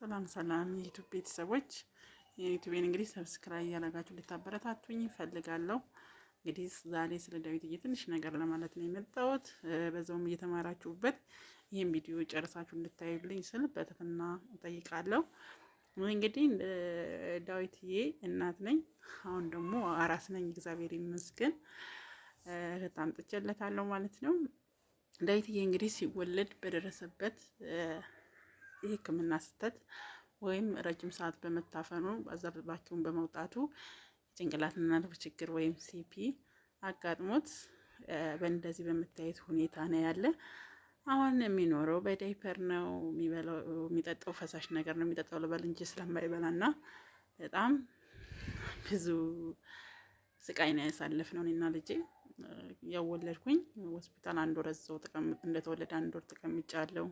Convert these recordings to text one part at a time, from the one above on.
ሰላም ሰላም የዩቱብ ቤተሰቦች የዩቱቤን እንግዲህ ሰብስክራይብ እያደረጋችሁ እንድታበረታቱኝ ይፈልጋለሁ። እንግዲህ ዛሬ ስለ ዳዊት ትንሽ ነገር ለማለት ነው የመጣሁት። በዛውም እየተማራችሁበት ይህን ቪዲዮ ጨርሳችሁ እንድታዩልኝ ስል በትህትና እጠይቃለሁ። እንግዲህ ዳዊትዬ እናት ነኝ፣ አሁን ደግሞ አራስ ነኝ። እግዚአብሔር ይመስገን እህት አምጥቼለታለሁ ማለት ነው። ዳዊትዬ እንግዲህ ሲወለድ በደረሰበት የህክምና ስህተት ወይም ረጅም ሰዓት በመታፈኑ አዛብባችሁን በመውጣቱ የጭንቅላትና ልብ ችግር ወይም ሲፒ አጋጥሞት በእንደዚህ በምታየት ሁኔታ ነው ያለ። አሁን የሚኖረው በዳይፐር ነው የሚበላው፣ የሚጠጣው ፈሳሽ ነገር ነው የሚጠጣው ልበል እንጂ ስለማይበላ ስለማይበላና በጣም ብዙ ስቃይ ነው ነው እኔና ልጄ። ያወለድኩኝ ሆስፒታል አንድ ወር እዛው እንደተወለደ አንድ ወር ተቀምጫለሁ።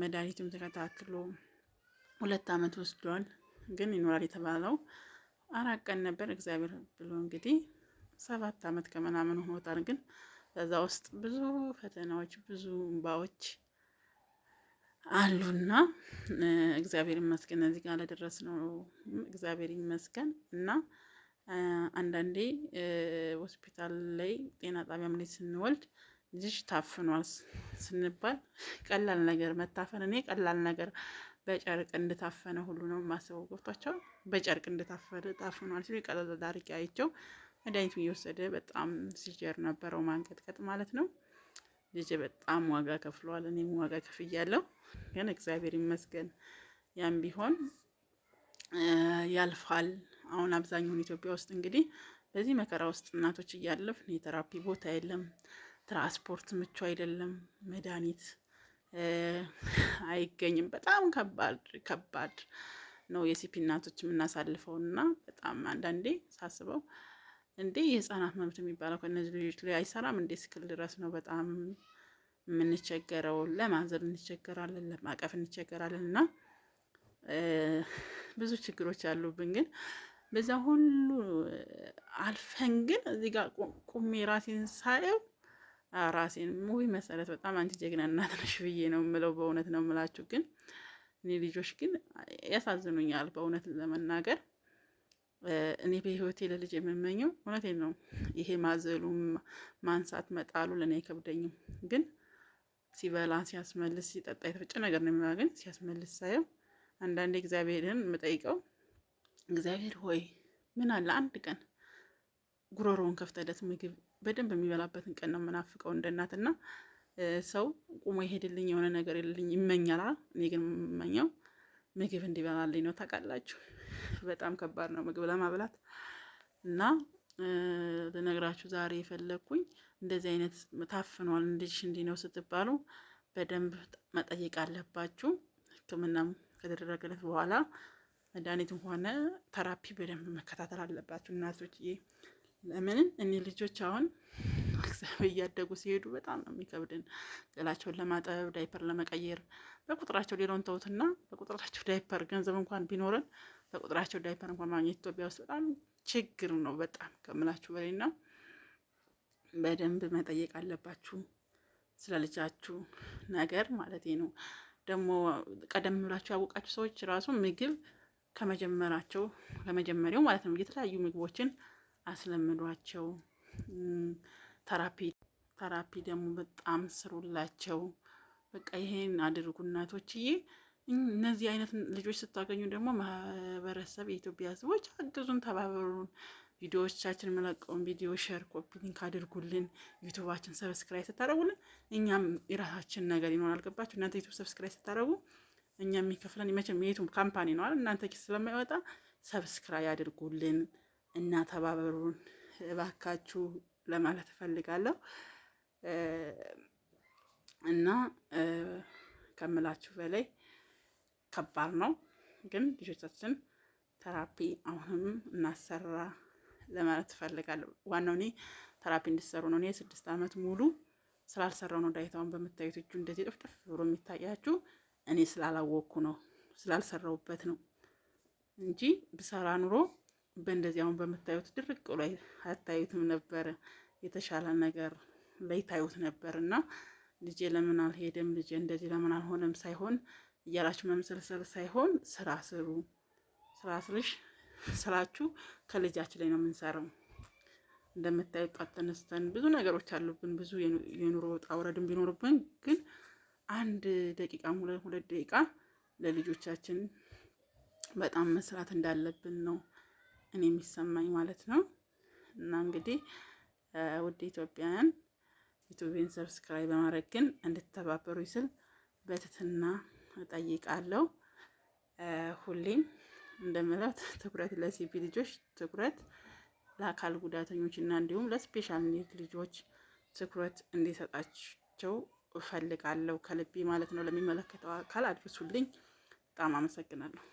መድኃኒቱም ተከታትሎ ሁለት ዓመት ወስዷል። ግን ይኖራል የተባለው አራት ቀን ነበር። እግዚአብሔር ብሎ እንግዲህ ሰባት ዓመት ከምናምን ሆኖታል። ግን በዛ ውስጥ ብዙ ፈተናዎች፣ ብዙ እንባዎች አሉና እግዚአብሔር ይመስገን እዚህ ጋር ለደረስ ነው። እግዚአብሔር ይመስገን እና አንዳንዴ ሆስፒታል ላይ ጤና ጣቢያም ላይ ስንወልድ ልጅ ታፍኗል ስንባል ቀላል ነገር መታፈን፣ እኔ ቀላል ነገር በጨርቅ እንደታፈነ ሁሉ ነው ማስበው። ገብቷቸው በጨርቅ እንደታፈነ ታፍኗል ሲሉ ቀለል አድርጌ አይቼው መድኃኒቱ እየወሰደ በጣም ሲጀር ነበረው ማንቀጥቀጥ ማለት ነው። ልጅ በጣም ዋጋ ከፍለዋል። እኔም ዋጋ ከፍያለሁ። ግን እግዚአብሔር ይመስገን ያም ቢሆን ያልፋል። አሁን አብዛኛውን ኢትዮጵያ ውስጥ እንግዲህ በዚህ መከራ ውስጥ እናቶች እያለፍን የተራፒ ቦታ የለም። ትራንስፖርት ምቹ አይደለም፣ መድኃኒት አይገኝም። በጣም ከባድ ከባድ ነው የሲፒ እናቶች የምናሳልፈው እና በጣም አንዳንዴ ሳስበው እንዴ የህፃናት መብት የሚባለው ከእነዚህ ልጆች ላይ አይሰራም እንዴ ስክል ድረስ ነው በጣም የምንቸገረው። ለማዘር እንቸገራለን፣ ለማቀፍ እንቸገራለን እና ብዙ ችግሮች ያሉብን ግን በዛ ሁሉ አልፈን ግን እዚህ ጋር ቁሜ ራሴን ሳየው ራሴን ሙቪ መሰረት በጣም አንቺ ጀግና እናት ነሽ ብዬ ነው የምለው። በእውነት ነው የምላችሁ። ግን እኔ ልጆች ግን ያሳዝኑኛል፣ በእውነት ለመናገር እኔ በህይወቴ ለልጅ የምመኘው እውነቴን ነው። ይሄ ማዘሉ ማንሳት መጣሉ ለእኔ አይከብደኝም፣ ግን ሲበላ ሲያስመልስ ሲጠጣ የተፈጨ ነገር ነው የሚሆነው። ግን ሲያስመልስ ሳየው አንዳንዴ እግዚአብሔርን የምጠይቀው እግዚአብሔር ሆይ ምን አለ አንድ ቀን ጉሮሮውን ከፍተለት ምግብ በደንብ የሚበላበትን ቀን ነው የምናፍቀው እንደ እናትና ሰው ቁሞ ይሄድልኝ የሆነ ነገር የለልኝ ይመኛላ። እኔ ግን የምመኘው ምግብ እንዲበላልኝ ነው። ታውቃላችሁ በጣም ከባድ ነው ምግብ ለማብላት እና ልነግራችሁ ዛሬ የፈለግኩኝ እንደዚህ አይነት ታፍኗል እንዲሽ እንዲህ ነው ስትባሉ በደንብ መጠየቅ አለባችሁ። ሕክምናም ከተደረገለት በኋላ መድኃኒትም ሆነ ተራፒ በደንብ መከታተል አለባችሁ እናቶችዬ። ለምን እኔ ልጆች አሁን እግዚአብሔር እያደጉ ሲሄዱ በጣም ነው የሚከብድን። ገላቸውን ለማጠብ ዳይፐር ለመቀየር በቁጥራቸው ሌላውን ተውትና በቁጥራቸው ዳይፐር ገንዘብ እንኳን ቢኖርን በቁጥራቸው ዳይፐር እንኳን ማግኘት ኢትዮጵያ ውስጥ በጣም ችግር ነው። በጣም ከምላችሁ ና በደንብ መጠየቅ አለባችሁ ስለ ልጃችሁ ነገር ማለት ነው። ደግሞ ቀደም ብላችሁ ያወቃችሁ ሰዎች ራሱ ምግብ ከመጀመራቸው ከመጀመሪያው ማለት ነው የተለያዩ ምግቦችን አስለምዷቸው። ተራፒ ተራፒ ደግሞ በጣም ስሩላቸው። በቃ ይሄን አድርጉ እናቶችዬ። እነዚህ አይነት ልጆች ስታገኙ ደግሞ ማህበረሰብ፣ የኢትዮጵያ ሕዝቦች አግዙን፣ ተባበሩን። ቪዲዮዎቻችን የምለቀውን ቪዲዮ ሸር፣ ኮፒ ሊንክ አድርጉልን። ዩቱባችን ሰብስክራይብ ስታደረጉልን እኛም የራሳችን ነገር ይኖራል። ገባችሁ? እናንተ ዩቱብ ሰብስክራይብ ስታደረጉ እኛ የሚከፍለን መቼም የቱም ካምፓኒ ነዋል፣ እናንተ ኪስ ስለማይወጣ ሰብስክራይብ አድርጉልን። እና ተባበሩን እባካችሁ ለማለት እፈልጋለሁ እና ከምላችሁ በላይ ከባድ ነው፣ ግን ልጆቻችን ተራፒ አሁንም እናሰራ ለማለት እፈልጋለሁ። ዋናው እኔ ተራፒ እንድሰሩ ነው። እኔ ስድስት ዓመት ሙሉ ስላልሰራው ነው ዳይታውን በምታዩት እጁ እንደዚህ ጥፍጥፍ ብሎ የሚታያችሁ እኔ ስላላወቅኩ ነው ስላልሰራውበት ነው እንጂ ብሰራ ኑሮ በእንደዚህ አሁን በምታዩት ድርቅ ላይ አታዩትም ነበር። የተሻለ ነገር ላይታዩት ነበር እና ልጄ ለምን አልሄደም፣ ልጄ እንደዚህ ለምን አልሆነም ሳይሆን እያላችሁ መምሰልሰል ሳይሆን ስራ ስሩ። ስራ ስልሽ ስራችሁ ከልጃችን ላይ ነው የምንሰራው። እንደምታዩት ጧት ተነስተን ብዙ ነገሮች አሉብን። ብዙ የኑሮ ጣውረድም ውረድን ቢኖርብን ግን አንድ ደቂቃ ሁለት ደቂቃ ለልጆቻችን በጣም መስራት እንዳለብን ነው እኔ የሚሰማኝ ማለት ነው። እና እንግዲህ ውድ ኢትዮጵያውያን ዩቱቤን ሰብስክራይብ በማድረግ ግን እንድትተባበሩ ይስል በትትና እጠይቃለሁ። ሁሌም እንደምለው ትኩረት ለሲፒ ልጆች ትኩረት ለአካል ጉዳተኞች እና እንዲሁም ለስፔሻል ኒድ ልጆች ትኩረት እንዲሰጣቸው እፈልጋለሁ ከልቤ ማለት ነው። ለሚመለከተው አካል አድርሱልኝ። በጣም አመሰግናለሁ።